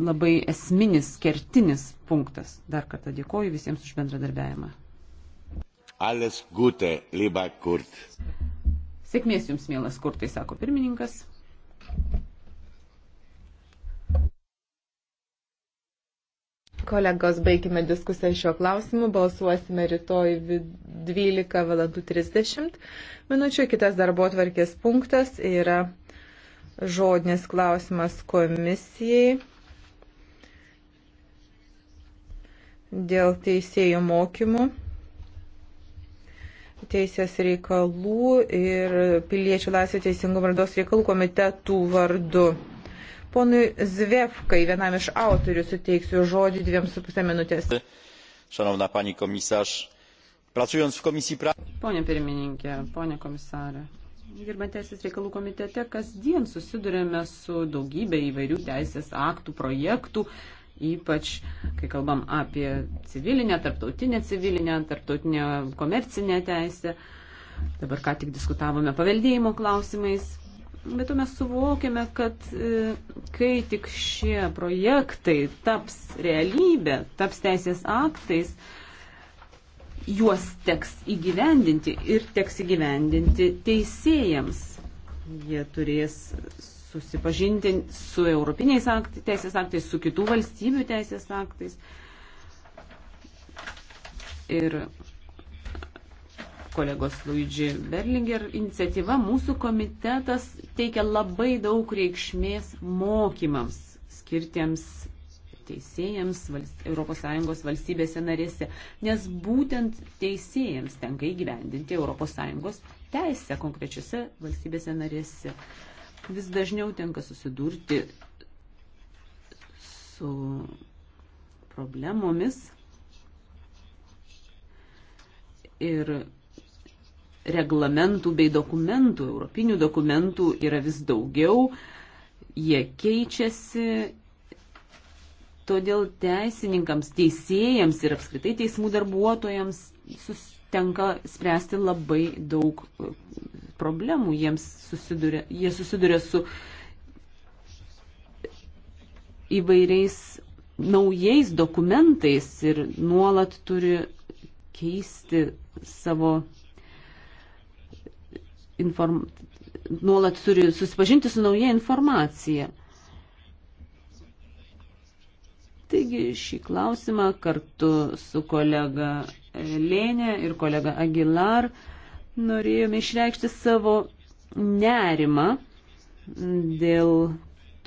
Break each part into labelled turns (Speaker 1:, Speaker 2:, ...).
Speaker 1: labai esminis, kertinis punktas. Dar kartą dėkoju visiems už bendradarbiavimą.
Speaker 2: Alles gute, liba kurt.
Speaker 1: Sėkmės jums, mielas kurtai, sako pirmininkas.
Speaker 3: Kolegos, baigime diskusiją šiuo klausimu, balsuosime rytoj 12.30 minučių. Kitas darbo atvarkės punktas yra žodinis klausimas komisijai. dėl teisėjų mokymų, teisės reikalų ir piliečių laisvė teisingumo vardos reikalų komitetų vardu. Ponui Zvevkai, vienam iš autorių, suteiksiu žodį dviem su pusę minutės.
Speaker 2: Šanovna pani komisarz, pracując w komisji pra...
Speaker 1: Pone pirmininkė, pone komisarė, Dirbant Teisės reikalų komitete kasdien susidurėme su daugybė įvairių teisės aktų, projektų, ypač kai kalbam apie civilinę, tarptautinę civilinę, tarptautinę komercinę teisę. Dabar ką tik diskutavome paveldėjimo klausimais. Bet to mes suvokėme, kad e, kai tik šie projektai taps realybė, taps teisės aktais, juos teks įgyvendinti ir teks įgyvendinti teisėjams. Jie turės susipažinti su europiniais akt, teisės aktais, su kitų valstybių teisės aktais. Ir kolegos Luigi Berlinger iniciatyva mūsų komitetas teikia labai daug reikšmės mokymams skirtiems teisėjams ES valstybėse narėse, nes būtent teisėjams tenka įgyvendinti ES teisę konkrečiose valstybėse narėse. Vis dažniau tenka susidurti su problemomis ir reglamentų bei dokumentų, europinių dokumentų yra vis daugiau, jie keičiasi, todėl teisininkams, teisėjams ir apskritai teismų darbuotojams sus, tenka spręsti labai daug e, problemų. Jiems susiduria, jie susiduria su įvairiais naujais dokumentais ir nuolat turi keisti savo inform... nuolat turi susipažinti su nauja informacija. Taigi šį klausimą kartu su kolega Lėnė ir kolega Aguilar norėjome išreikšti savo nerimą dėl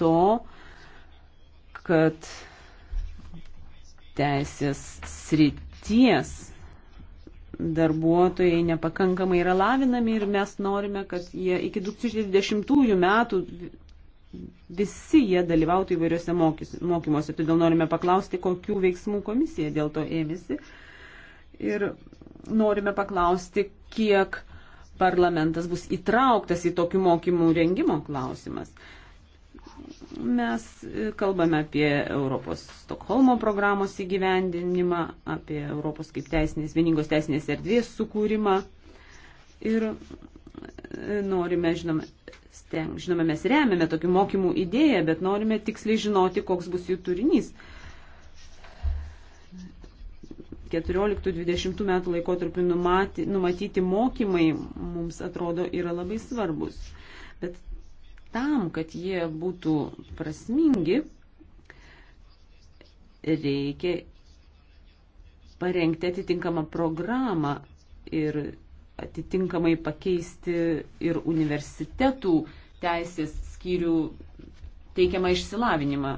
Speaker 1: to, kad teisės srities darbuotojai nepakankamai yra lavinami ir mes norime, kad jie iki 2020 metų visi jie dalyvautų įvairiuose mokymuose. Todėl norime paklausti, kokių veiksmų komisija dėl to ėmėsi ir norime paklausti, kiek parlamentas bus įtrauktas į tokių mokymų rengimo klausimas. Mes e, kalbame apie Europos Stokholmo programos įgyvendinimą, apie Europos kaip teisinės, vieningos teisinės erdvės sukūrimą. Ir e, norime, žinoma, steng, žinoma, mes remiame tokių mokymų idėją, bet norime tiksliai žinoti, koks bus jų turinys. 14-20 metų laikotarpį numatyti, numatyti mokymai mums atrodo yra labai svarbus. Bet tam, kad jie būtų prasmingi, reikia parengti atitinkamą programą ir atitinkamai pakeisti ir universitetų teisės skyrių teikiamą išsilavinimą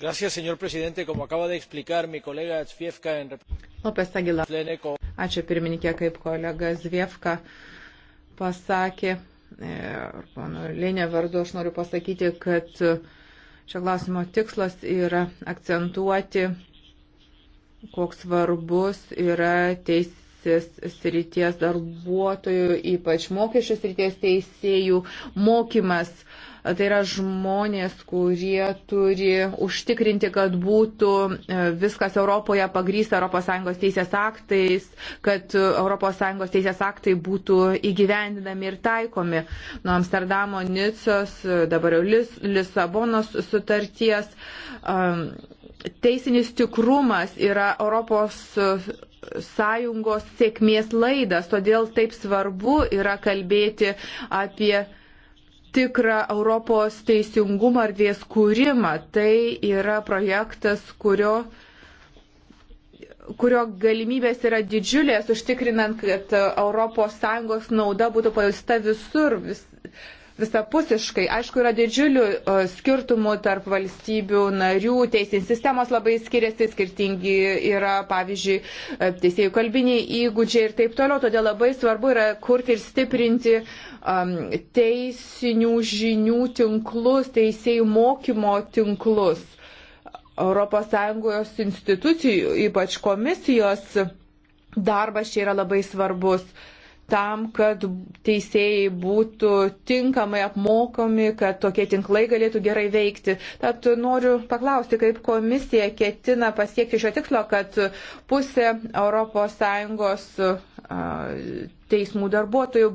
Speaker 2: Gracias, señor presidente. Como acaba de explicar mi colega Zviefka en
Speaker 3: Lopes Agila. Ačiū pirmininkė, kaip kolega Zviefka pasakė. Ir e, pano Lėnė vardu aš noriu pasakyti, kad šio klausimo tikslas yra akcentuoti, koks svarbus yra teisės srities darbuotojų, ypač mokesčių srities teisėjų mokymas. Uh, Tai yra žmonės, kurie turi užtikrinti, kad būtų e, viskas Europoje pagrysta ES teisės aktais, kad ES teisės aktai būtų įgyvendinami ir taikomi nuo Amsterdamo, Nicos, e, dabar jau Lis, Lisabonos sutarties. Teisinis tikrumas yra Europos e, sąjungos sėkmės laidas, todėl taip svarbu yra kalbėti apie tikrą Europos teisingumo erdvės kūrimą. Tai yra projektas, kurio kurio galimybės yra didžiulės, užtikrinant, kad ES nauda būtų pajusta visur. Vis, visapusiškai. Aišku, yra didžiulių skirtumų tarp valstybių narių, teisės sistemos labai skiriasi, skirtingi yra, pavyzdžiui, e, teisėjų kalbiniai įgūdžiai ir taip toliau. Todėl labai svarbu yra kurti ir stiprinti um, teisinių žinių tinklus, teisėjų mokymo tinklus. ES institucijų, ypač komisijos darbas čia yra labai svarbus. Uh, tam, kad teisėjai būtų tinkamai apmokomi, kad tokie tinklai galėtų gerai veikti. Tad noriu paklausti, kaip komisija ketina pasiekti šio tikslo, kad pusė ES teismų darbuotojų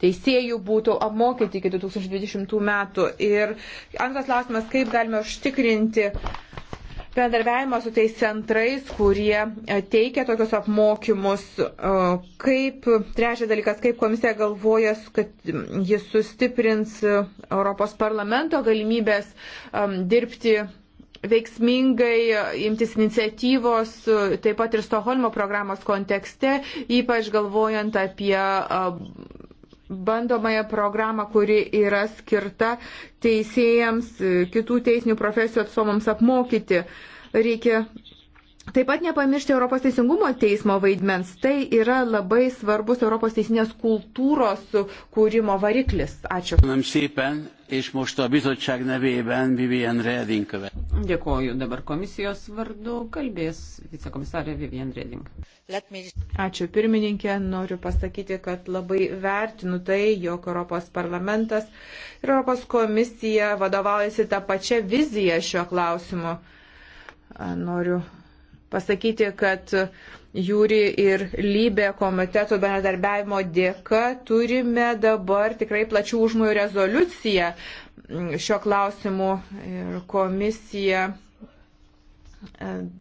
Speaker 3: teisėjų būtų apmokyti iki 2020 metų. Ir antras klausimas, kaip galime užtikrinti uh, bendarbiavimą su tais centrais, kurie e, teikia tokius apmokymus. E, kaip, trečias dalykas, kaip komisija galvoja, kad jis sustiprins e, Europos parlamento galimybės dirbti veiksmingai imtis iniciatyvos, taip pat ir Stoholmo programos kontekste, ypač galvojant apie bandomąją programą, kuri yra skirta teisėjams, kitų teisinių profesijų atstovams apmokyti. Reikia Taip pat nepamiršti Europos teisingumo teismo vaidmens. Tai yra labai svarbus Europos teisinės kultūros kūrimo variklis. Ačiū.
Speaker 1: Dėkoju. Dabar komisijos vardu kalbės vicekomisarė Vivian Reding. Ačiū
Speaker 3: pirmininkė. Noriu pasakyti, kad labai vertinu tai, jog Europos parlamentas ir Europos komisija vadovaujasi tą pačią viziją šiuo klausimu. Noriu pasakyti, kad jūri ir lybė komiteto bendradarbiavimo dėka turime dabar tikrai plačių užmojų rezoliuciją šio klausimu ir komisija 2011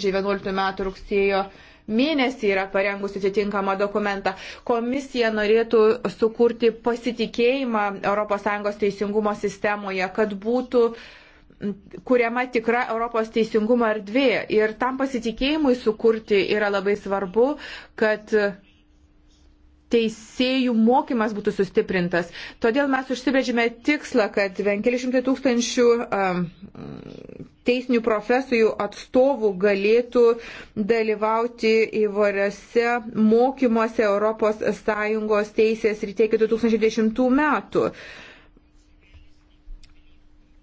Speaker 3: e, m. rugsėjo mėnesį yra parengusi atitinkamą dokumentą. Komisija norėtų sukurti pasitikėjimą ES teisingumo sistemoje, kad būtų uh, kuriama tikra Europos teisingumo erdvė. Ir tam pasitikėjimui sukurti yra labai svarbu, kad teisėjų mokymas būtų sustiprintas. Todėl mes užsibrėžėme tikslą, kad 500 tūkstančių um, teisinių profesijų atstovų galėtų dalyvauti įvairiose mokymuose ES teisės rytė iki 2010 metų.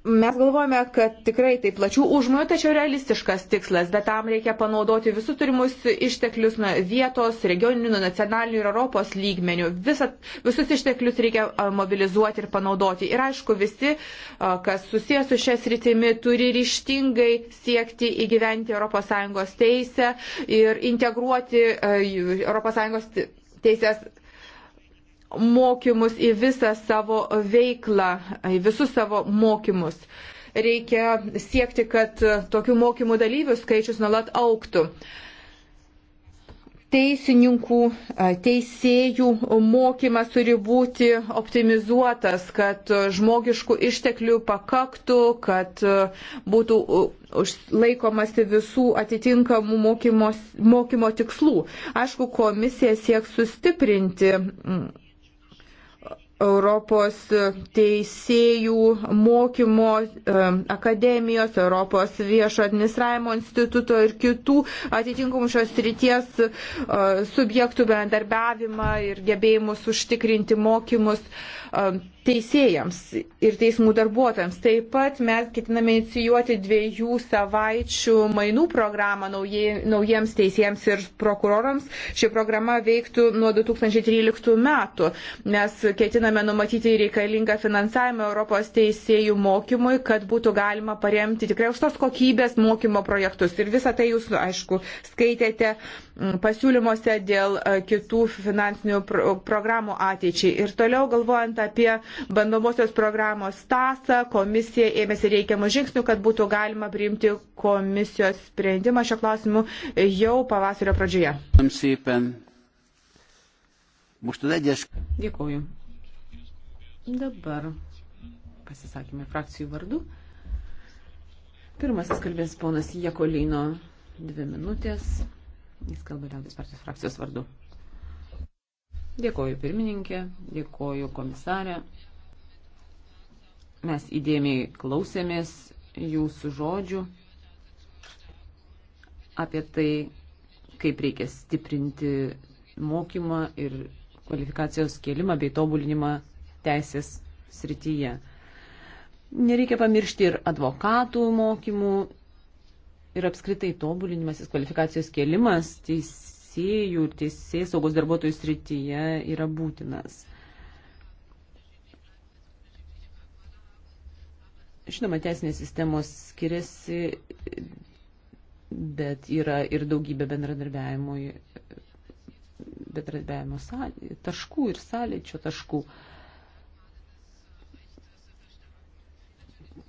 Speaker 3: Mes galvojame, kad tikrai tai plačių užmojų, tačiau realistiškas tikslas, bet tam reikia panaudoti visus turimus išteklius nuo vietos, regioninių, nacionalinių ir Europos lygmenių. Visa, visus išteklius reikia mobilizuoti ir panaudoti. Ir aišku, visi, kas susijęs su šias rytimi, turi ryštingai siekti įgyventi ES teisę ir integruoti ES teisės mokymus, į visą savo veiklą, į visus savo mokymus. Reikia siekti, kad tokių mokymų dalyvių skaičius nuolat auktų. Teisininkų, teisėjų mokymas turi būti optimizuotas, kad žmogiškų išteklių pakaktų, kad būtų laikomasi visų atitinkamų mokymos, mokymo tikslų. Aišku, komisija sieks sustiprinti Europos teisėjų mokymo e, akademijos, Europos viešo administravimo instituto ir kitų atitinkamų šios ryties e, subjektų bendarbiavimą ir gebėjimus užtikrinti mokymus e, teisėjams ir teismų darbuotojams. Taip pat mes ketiname inicijuoti dviejų savaičių mainų programą naujie, naujiems teisėjams ir prokurorams. Ši programa veiktų nuo 2013 metų. Mes ketiname ketiname numatyti reikalingą finansavimą Europos teisėjų mokymui, kad būtų galima paremti tikrai aukštos kokybės mokymo projektus. Ir visą tai jūs, aišku, skaitėte mm, pasiūlymuose dėl e, kitų finansinių programų ateičiai. Ir toliau galvojant apie bandomosios programos tasą, komisija ėmėsi reikiamų žingsnių, kad būtų galima priimti komisijos sprendimą šio klausimu jau pavasario pradžioje.
Speaker 2: Dėkuoju.
Speaker 1: Dabar pasisakymai frakcijų vardu. Pirmasis kalbės ponas Jekolino dvi minutės. Jis kalba Liaudės partijos frakcijos vardu. Dėkoju pirmininkė, dėkoju komisarė. Mes įdėmiai klausėmės jūsų žodžių apie tai, kaip reikia stiprinti mokymą ir kvalifikacijos kėlimą bei tobulinimą teisės srityje. Nereikia pamiršti ir advokatų mokymų ir apskritai tobulinimasis, kvalifikacijos kėlimas teisėjų ir teisėjų saugos darbuotojų srityje yra būtinas. Žinoma, teisinės sistemos skiriasi, bet yra ir daugybė bendradarbiavimo, bendradarbiavimo taškų ir sąlyčio taškų. Uh,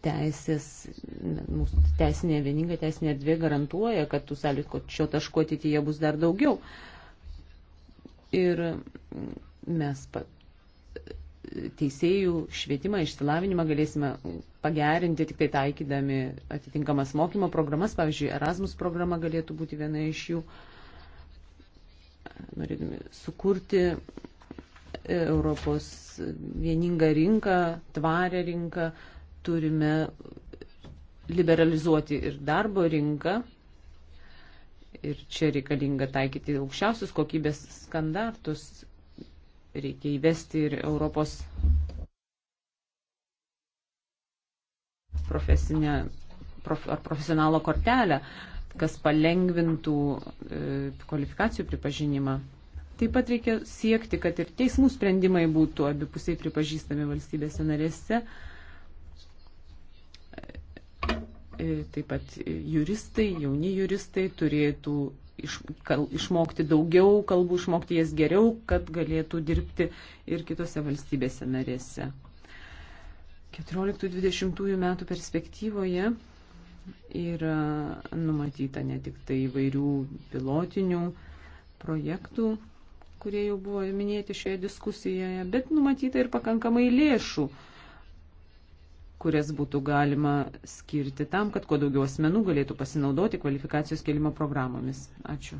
Speaker 1: teisės, mūsų teisinė vieninga teisinė erdvė garantuoja, kad tų sąlygų šio taško ateityje bus dar daugiau. Ir mes pa, teisėjų švietimą, išsilavinimą galėsime pagerinti tik tai taikydami atitinkamas mokymo programas, pavyzdžiui, Erasmus programa galėtų būti viena iš jų, norėdami sukurti e, Europos vieningą rinką, tvarę rinką, Turime liberalizuoti ir darbo rinką. Ir čia reikalinga taikyti aukščiausius kokybės standartus. Reikia įvesti ir Europos profesinę prof, ar profesionalo kortelę, kas palengvintų e, kvalifikacijų pripažinimą. Taip pat reikia siekti, kad ir teismų sprendimai būtų abipusiai pripažįstami valstybėse narėse. E, E, taip pat juristai, jauni juristai turėtų iš, kal, išmokti daugiau kalbų, išmokti jas geriau, kad galėtų dirbti ir kitose valstybėse narėse. 14-20 metų perspektyvoje yra numatyta ne tik tai įvairių pilotinių projektų, kurie jau buvo minėti šioje diskusijoje, bet numatyta ir pakankamai lėšų kurias būtų galima skirti tam, kad kuo daugiau asmenų galėtų pasinaudoti kvalifikacijos kelimo programomis. Ačiū.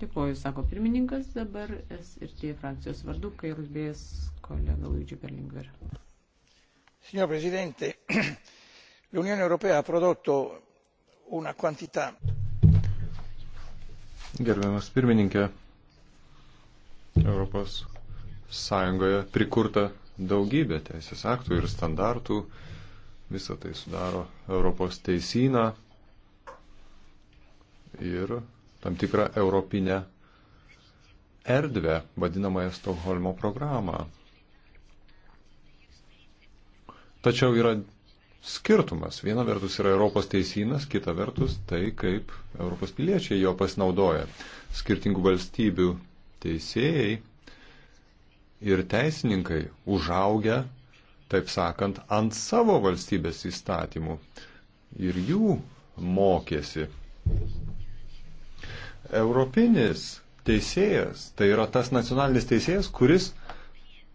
Speaker 1: Dėkuoju, sako pirmininkas, dabar SRT frakcijos vardu, kai kalbės kolega Luigi Berlingver.
Speaker 2: Signor Presidente, l'Unione Europea ha prodotto una quantità. Gerbiamas pirmininkė, Europos Sąjungoje prikurta daugybė teisės aktų ir standartų, visą tai sudaro Europos teisyną ir tam tikrą europinę erdvę, vadinamąją Stokholmo programą. Tačiau yra skirtumas. Viena vertus yra Europos teisynas, kita vertus tai, kaip Europos piliečiai jo pasinaudoja. Skirtingų valstybių teisėjai ir teisininkai užaugia, taip sakant, ant savo valstybės įstatymų ir jų mokėsi. Europinis teisėjas, tai yra tas nacionalinis teisėjas, kuris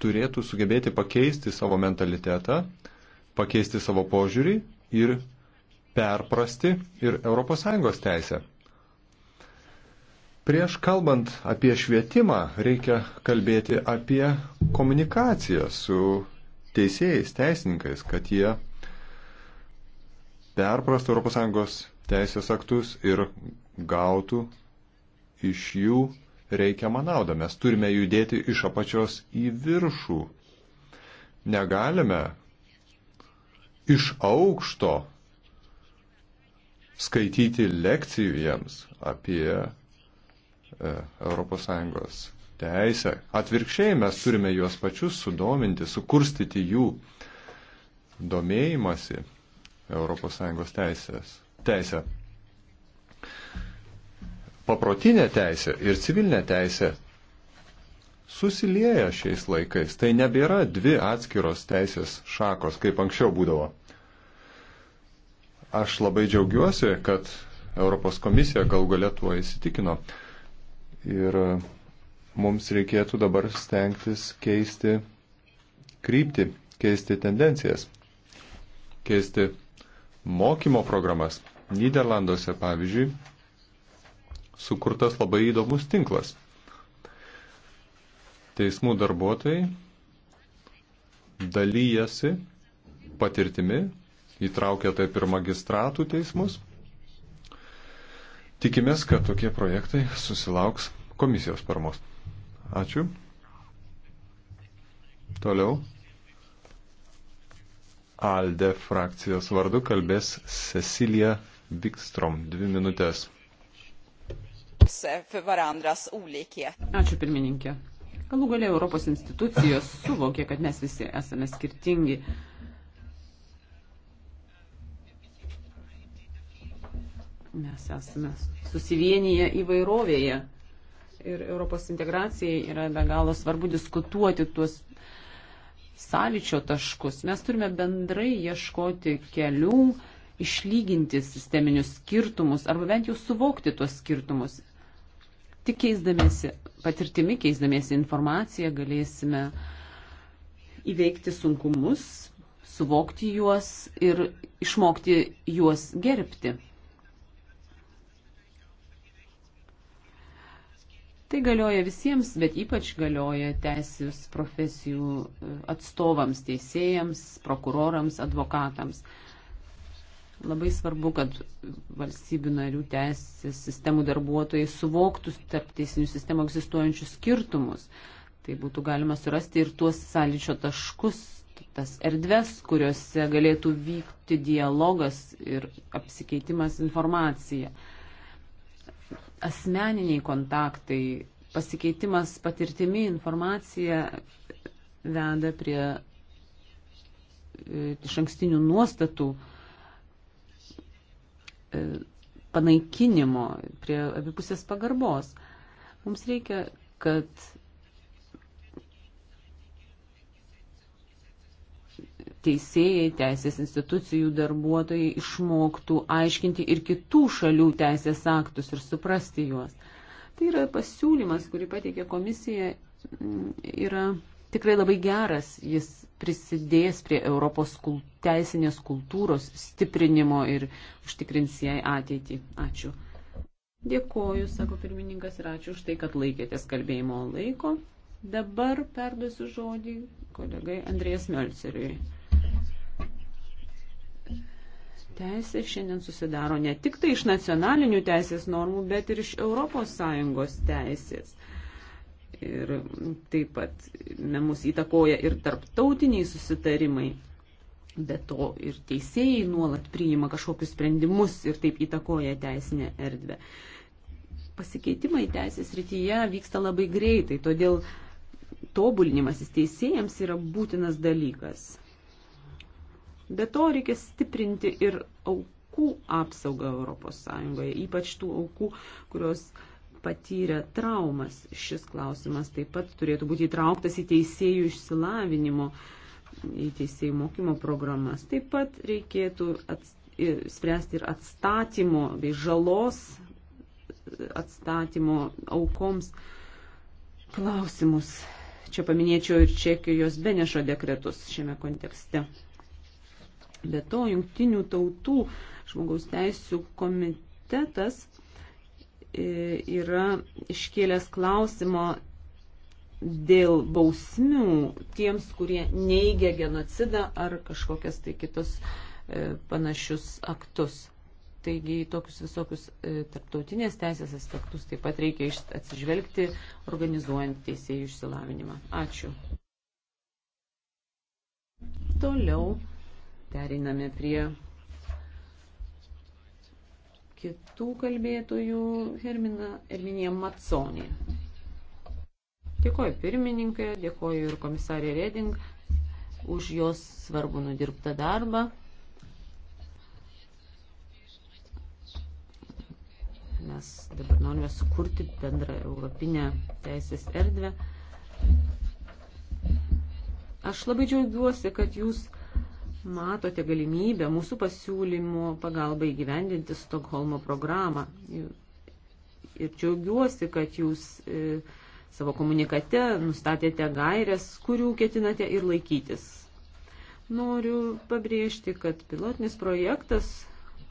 Speaker 2: turėtų sugebėti pakeisti savo mentalitetą, pakeisti savo požiūrį ir perprasti ir ES teisę. Prieš kalbant apie švietimą, reikia kalbėti apie komunikaciją su teisėjais, teisininkais, kad jie perprastų ES teisės aktus ir gautų iš jų reikiamą naudą. Mes turime judėti iš apačios į viršų. Negalime iš aukšto skaityti lekcijų jiems apie ES teisę. Atvirkščiai mes turime juos pačius sudominti, sukurstyti jų domėjimasi ES teisės. Teisė. Paprotinė teisė ir civilinė teisė susilieja šiais laikais. Tai nebėra dvi atskiros teisės šakos, kaip anksčiau būdavo. Aš labai džiaugiuosi, kad Europos komisija gal galėtų įsitikino, Ir e, mums reikėtų dabar stengtis keisti kryptį, keisti tendencijas, keisti mokymo programas. Niderlanduose, pavyzdžiui, sukurtas labai įdomus tinklas. Teismų darbuotojai dalyjasi patirtimi, įtraukia taip ir magistratų teismus Tikimės, kad tokie projektai susilauks komisijos paramos. Ačiū. Toliau. Alde frakcijos vardu kalbės Cecilija Vikstrom. Dvi minutės.
Speaker 1: Ačiū pirmininkė. Galų galia Europos institucijos suvokė, kad mes visi esame skirtingi. Mes esame susivienyje įvairovėje ir Europos integracijai yra be galo svarbu diskutuoti tuos sąlyčio taškus. Mes turime bendrai ieškoti kelių, išlyginti sisteminius skirtumus arba bent jau suvokti tuos skirtumus. Tik keisdamėsi patirtimi, keisdamėsi informaciją galėsime įveikti sunkumus, suvokti juos ir išmokti juos gerbti. Tai galioja visiems, bet ypač galioja teisės profesijų e, atstovams, teisėjams, prokurorams, advokatams. Labai svarbu, kad valstybių narių teisės sistemų darbuotojai suvoktų tarp teisinių sistemų egzistuojančius skirtumus. Tai būtų galima surasti ir tuos sąlyčio taškus, tas erdves, kuriuose galėtų vykti dialogas ir apsikeitimas informacija. Uh, asmeniniai kontaktai, pasikeitimas patirtimi, informacija veda prie e, iš ankstinių nuostatų e, panaikinimo, prie abipusės pagarbos. Mums reikia, kad teisėjai, teisės institucijų darbuotojai išmoktų aiškinti ir kitų šalių teisės aktus ir suprasti juos. Tai yra pasiūlymas, kurį pateikė komisija, mm, yra tikrai labai geras. Jis prisidės prie Europos kul teisinės kultūros stiprinimo ir užtikrins jai ateitį. Ačiū. Dėkoju, sako pirmininkas, ir ačiū už tai, kad laikėtės kalbėjimo laiko. Dabar perduosiu žodį kolegai Andrėjas Melceriui teisė šiandien susidaro ne tik tai iš nacionalinių teisės normų, bet ir iš ES teisės. Ir taip pat ne, mus įtakoja ir tarptautiniai susitarimai. Be to ir teisėjai nuolat priima kažkokius sprendimus ir taip įtakoja teisinę erdvę. Pasikeitimai teisės rytyje vyksta labai greitai, todėl tobulinimasis teisėjams yra būtinas dalykas. Be to reikia stiprinti ir aukų apsaugą ES, ypač tų aukų, kurios patyrė traumas. Šis klausimas taip pat turėtų būti įtrauktas į teisėjų išsilavinimo, į teisėjų mokymo programas. Taip pat reikėtų ats, spręsti ir atstatymo bei žalos atstatymo aukoms klausimus. Čia paminėčiau ir Čekijos Benešo dekretus šiame kontekste. Be to, jungtinių tautų žmogaus teisų komitetas e, yra iškėlęs klausimo dėl bausmių tiems, kurie neigia genocidą ar kažkokias tai kitus e, panašius aktus. Taigi tokius visokius e, tarptautinės teisės aspektus taip pat reikia atsižvelgti, organizuojant teisėjų išsilavinimą. Ačiū. Toliau Periname prie kitų kalbėtojų Hermina Erminija Matsonė. Dėkoju pirmininkai, dėkoju ir komisarė Reding už jos svarbu nudirbtą darbą. Mes dabar norime sukurti bendrą europinę teisės erdvę. Aš labai džiaugiuosi, kad jūs matote galimybę mūsų pasiūlymų pagalbai gyvendinti Stokholmo programą. Ir džiaugiuosi, kad jūs e, savo komunikate nustatėte gairias, kurių ketinate ir laikytis. Noriu pabrėžti, kad pilotinis projektas,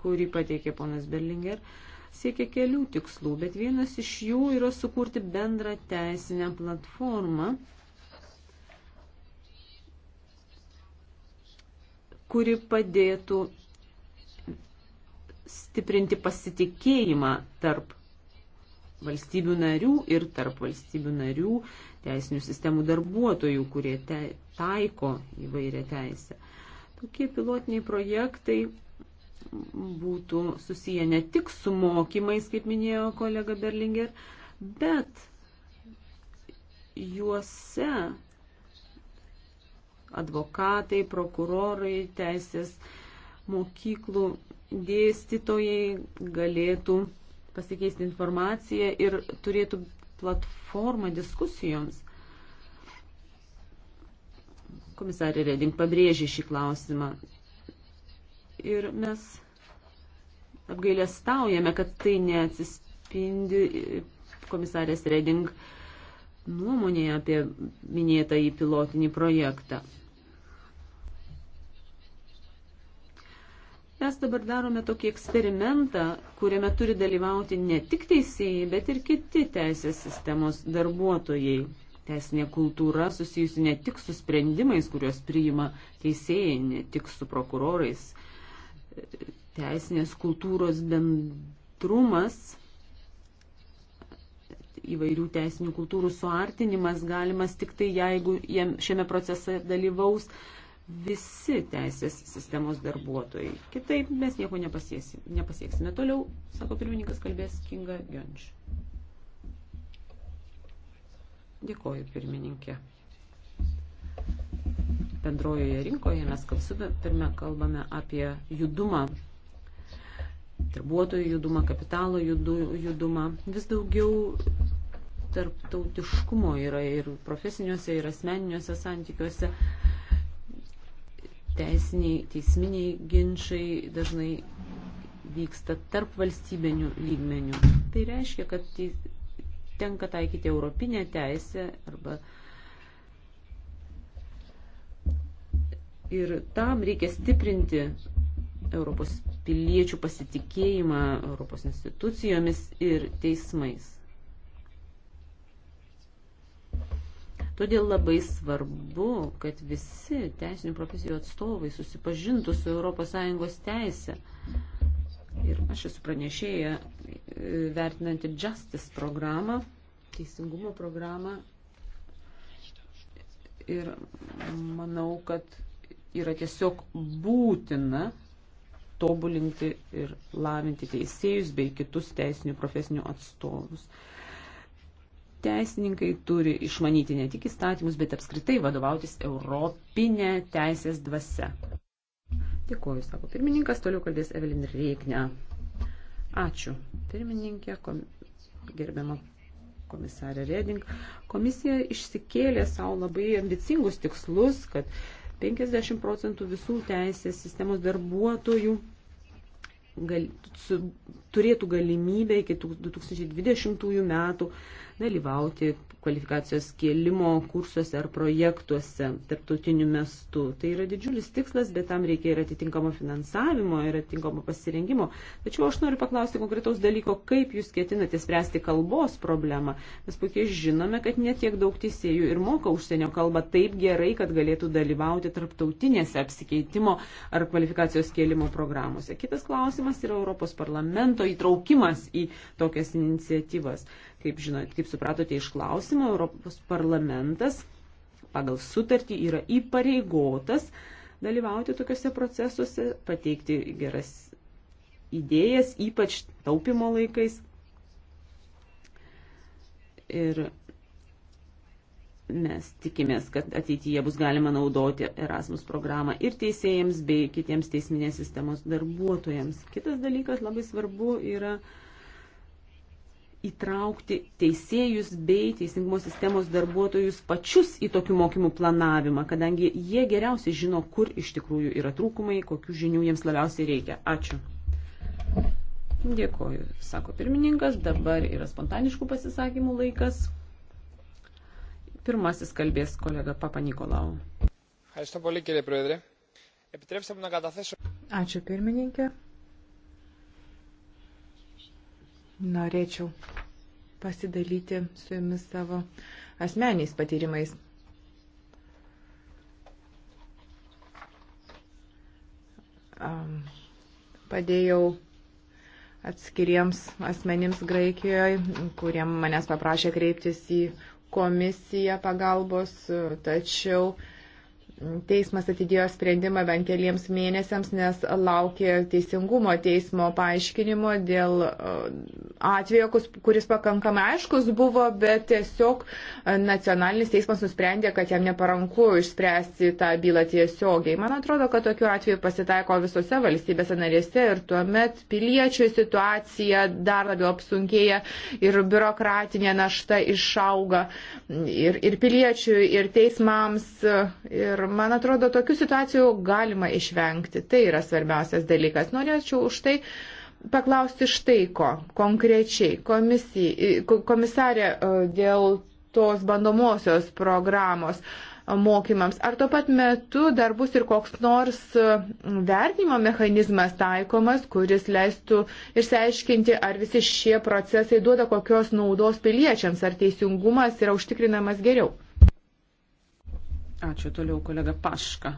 Speaker 1: kurį pateikė ponas Berlinger, siekia kelių tikslų, bet vienas iš jų yra sukurti bendrą teisinę platformą kuri padėtų stiprinti pasitikėjimą tarp valstybių narių ir tarp valstybių narių teisinių sistemų darbuotojų, kurie te, taiko įvairią teisę. Tokie pilotiniai projektai būtų susiję ne tik su mokymais, kaip minėjo kolega Berlinger, bet juose advokatai, prokurorai, teisės mokyklų dėstytojai galėtų pasikeisti informaciją ir turėtų platformą diskusijoms. Komisarė Reding pabrėžė šį klausimą. Ir mes apgailę staujame, kad tai neatsispindi komisarės Reding nuomonėje apie minėtą į pilotinį projektą. Mes dabar darome tokį eksperimentą, kuriame turi dalyvauti ne tik teisėjai, bet ir kiti teisės sistemos darbuotojai. Teisinė kultūra susijusi ne tik su sprendimais, kuriuos priima teisėjai, ne tik su prokurorais. Teisinės kultūros bendrumas įvairių teisinių kultūrų suartinimas galimas tik tai, jeigu šiame procese dalyvaus visi teisės sistemos darbuotojai. Kitaip mes nieko nepasieksime. Toliau, sako pirmininkas, kalbės Kinga Jonč. Dėkoju, pirmininkė. Bendrojoje rinkoje mes kalbame, pirmia kalbame apie judumą, darbuotojų judumą, kapitalo judu, judumą. Vis daugiau tarptautiškumo yra ir profesiniuose, ir asmeniniuose santykiuose teisiniai, teisminiai ginčiai dažnai vyksta tarp valstybinių lygmenių. Tai reiškia, kad tenka taikyti europinę teisę arba ir tam reikia stiprinti Europos piliečių pasitikėjimą Europos institucijomis ir teismais. Todėl labai svarbu, kad visi teisinių profesijų atstovai susipažintų su ES teise. Ir aš esu pranešėję e, vertinanti Justice programą, teisingumo programą. Ir manau, kad yra tiesiog būtina tobulinti ir lavinti teisėjus bei kitus teisinių profesinių atstovus teisininkai turi išmanyti ne tik įstatymus, bet apskritai vadovautis europinė teisės dvasia. Dėkuoju, sako pirmininkas, toliau kalbės Evelin Reikne. Ačiū, pirmininkė, kom... gerbiama komisarė Reding. Komisija išsikėlė savo labai ambicingus tikslus, kad 50 procentų visų teisės sistemos darbuotojų gal, su, turėtų galimybę iki 2020 metų dalyvauti kvalifikacijos kėlimo kursuose ar projektuose tarptautiniu mestu. Tai yra didžiulis tikslas, bet tam reikia ir atitinkamo finansavimo, ir atitinkamo pasirengimo. Tačiau aš noriu paklausti konkretaus dalyko, kaip jūs ketinate spręsti kalbos problemą. Mes puikiai žinome, kad netiek daug teisėjų ir moka užsienio kalbą taip gerai, kad galėtų dalyvauti tarptautinėse apsikeitimo ar kvalifikacijos kėlimo programuose. Kitas klausimas yra Europos parlamento įtraukimas į tokias iniciatyvas. Kaip, žinot, kaip supratote iš klausimo, Europos parlamentas pagal sutartį yra įpareigotas dalyvauti tokiuose procesuose, pateikti geras idėjas, ypač taupimo laikais. Ir mes tikimės, kad ateityje bus galima naudoti Erasmus programą ir teisėjams bei kitiems teisminės sistemos darbuotojams. Kitas dalykas labai svarbu yra uh, įtraukti teisėjus bei teisingumo sistemos darbuotojus pačius į tokių mokymų planavimą, kadangi jie geriausiai žino, kur iš tikrųjų yra trūkumai, kokių žinių jiems labiausiai reikia. Ačiū. Dėkoju, sako pirmininkas. Dabar yra spontaniškų pasisakymų laikas. Pirmasis kalbės kolega Papa Nikolau. Ačiū pirmininkė.
Speaker 3: norėčiau pasidalyti su jumis savo asmeniais patyrimais. Padėjau atskiriems asmenims Graikijoje, kuriem manęs paprašė kreiptis į komisiją pagalbos, tačiau uh, Teismas atidėjo sprendimą bent keliems mėnesiams, nes laukė teisingumo teismo paaiškinimo dėl e, atvejo, kuris pakankamai aiškus buvo, bet tiesiog e, nacionalinis teismas nusprendė, kad jam neparanku išspręsti tą bylą tiesiogiai. Man atrodo, kad tokiu atveju pasitaiko visose valstybėse narėse ir tuomet piliečių situacija dar labiau apsunkėja ir biurokratinė našta išauga ir, ir piliečių, ir teismams. E, ir man atrodo, tokių situacijų galima išvengti. Tai yra svarbiausias dalykas. Norėčiau už tai paklausti štai ko konkrečiai komisijai, komisarė e, dėl tos bandomosios programos mokymams. Ar tuo pat metu dar bus ir koks nors e, vertinimo mechanizmas taikomas, kuris leistų išsiaiškinti, ar visi šie procesai duoda kokios naudos piliečiams, ar teisingumas yra užtikrinamas geriau?
Speaker 1: Ačiū toliau, kolega Paška.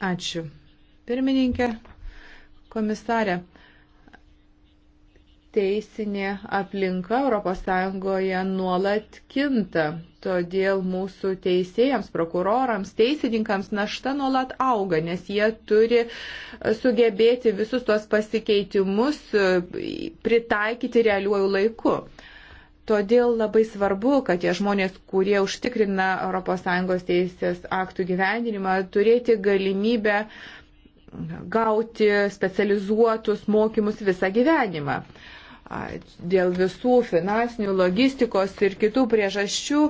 Speaker 3: Ačiū. Pirmininkė, komisarė teisinė aplinka ES nuolat kinta. Todėl mūsų teisėjams, prokurorams, teisininkams našta nuolat auga, nes jie turi sugebėti visus tuos pasikeitimus pritaikyti realiuoju laiku. Todėl labai svarbu, kad tie žmonės, kurie užtikrina ES teisės aktų gyvendinimą, turėti galimybę gauti specializuotus mokymus visą gyvenimą. Dėl visų finansinių, logistikos ir kitų priežasčių,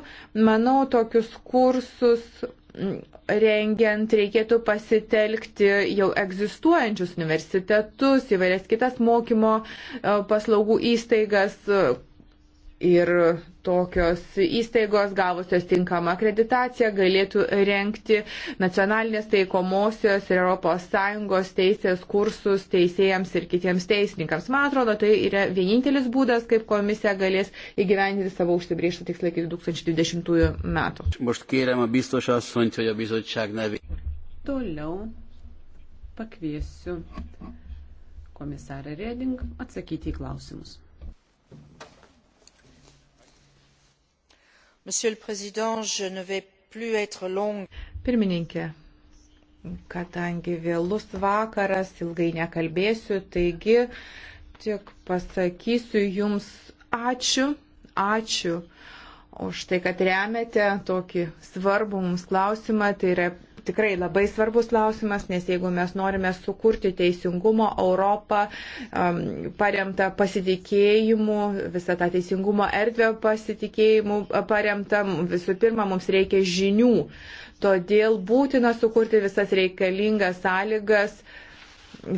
Speaker 3: manau, tokius kursus rengiant reikėtų pasitelkti jau egzistuojančius universitetus, įvairias kitas mokymo e, paslaugų įstaigas, Ir tokios įstaigos gavusios tinkamą akreditaciją galėtų renkti nacionalinės taikomosios ir ES teisės kursus teisėjams ir kitiems teisininkams. Man atrodo, tai yra vienintelis būdas, kaip komisija galės įgyvendinti savo užsibriežtą tikslą iki 2020 metų.
Speaker 2: Most kérem a biztos asszonyt, hogy a bizottság nevében.
Speaker 1: Toliau pakviesiu komisarą Reding atsakyti į klausimus.
Speaker 3: Pirmininkė, kadangi vėlus vakaras, ilgai nekalbėsiu, taigi tik pasakysiu Jums ačiū, ačiū už tai, kad remiate tokį svarbų mums klausimą, tai yra tikrai labai svarbus klausimas, nes jeigu mes norime sukurti teisingumo Europą, um, paremtą pasitikėjimu, visą tą teisingumo erdvę pasitikėjimu paremtą, visų pirma, mums reikia žinių. Todėl būtina sukurti visas reikalingas sąlygas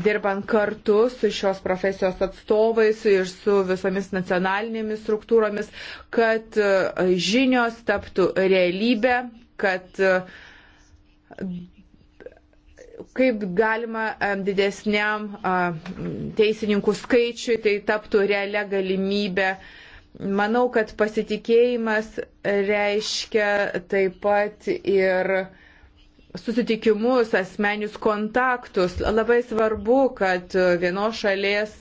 Speaker 3: dirbant kartu su šios profesijos atstovais ir su visomis nacionalinėmis struktūromis, kad uh, žinios taptų realybę, kad uh, kaip galima didesniam teisininkų skaičiui tai taptų realią galimybę. Manau, kad pasitikėjimas reiškia taip pat ir uh, susitikimus, asmenius kontaktus. Labai svarbu, kad vienos šalies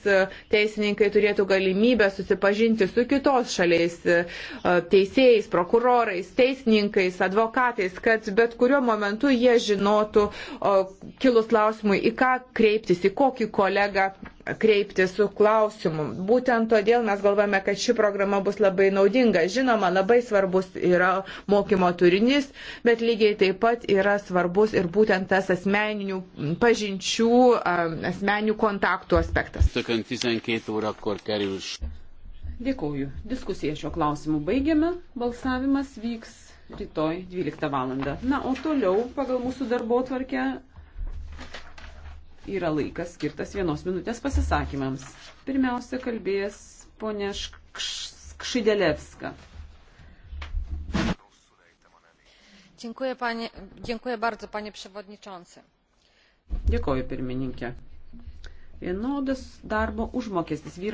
Speaker 3: teisininkai turėtų galimybę susipažinti su kitos šalies e, teisėjais, prokurorais, teisininkais, advokatais, kad bet kuriuo momentu jie žinotų, kilus klausimui, į ką kreiptis, į kokį kolegą kreipti su klausimu. Būtent todėl mes galvame, kad ši programa bus labai naudinga. Žinoma, labai svarbus yra mokymo turinys, bet lygiai taip pat yra svarbus ir būtent tas asmeninių pažinčių, asmeninių kontaktų aspektas.
Speaker 1: Dėkuoju. Diskusiją šiuo klausimu baigiame. Balsavimas vyks rytoj 12 val. Na, o toliau pagal mūsų darbo tvarkę yra laikas skirtas vienos minutės pasisakymams. Pirmiausia, kalbės ponė Kšidelevska. Dziękuję, panie, dziękuję bardzo, panie przewodniczący. Dėkoju, pirmininkė. Vienodas darbo užmokestis vyra.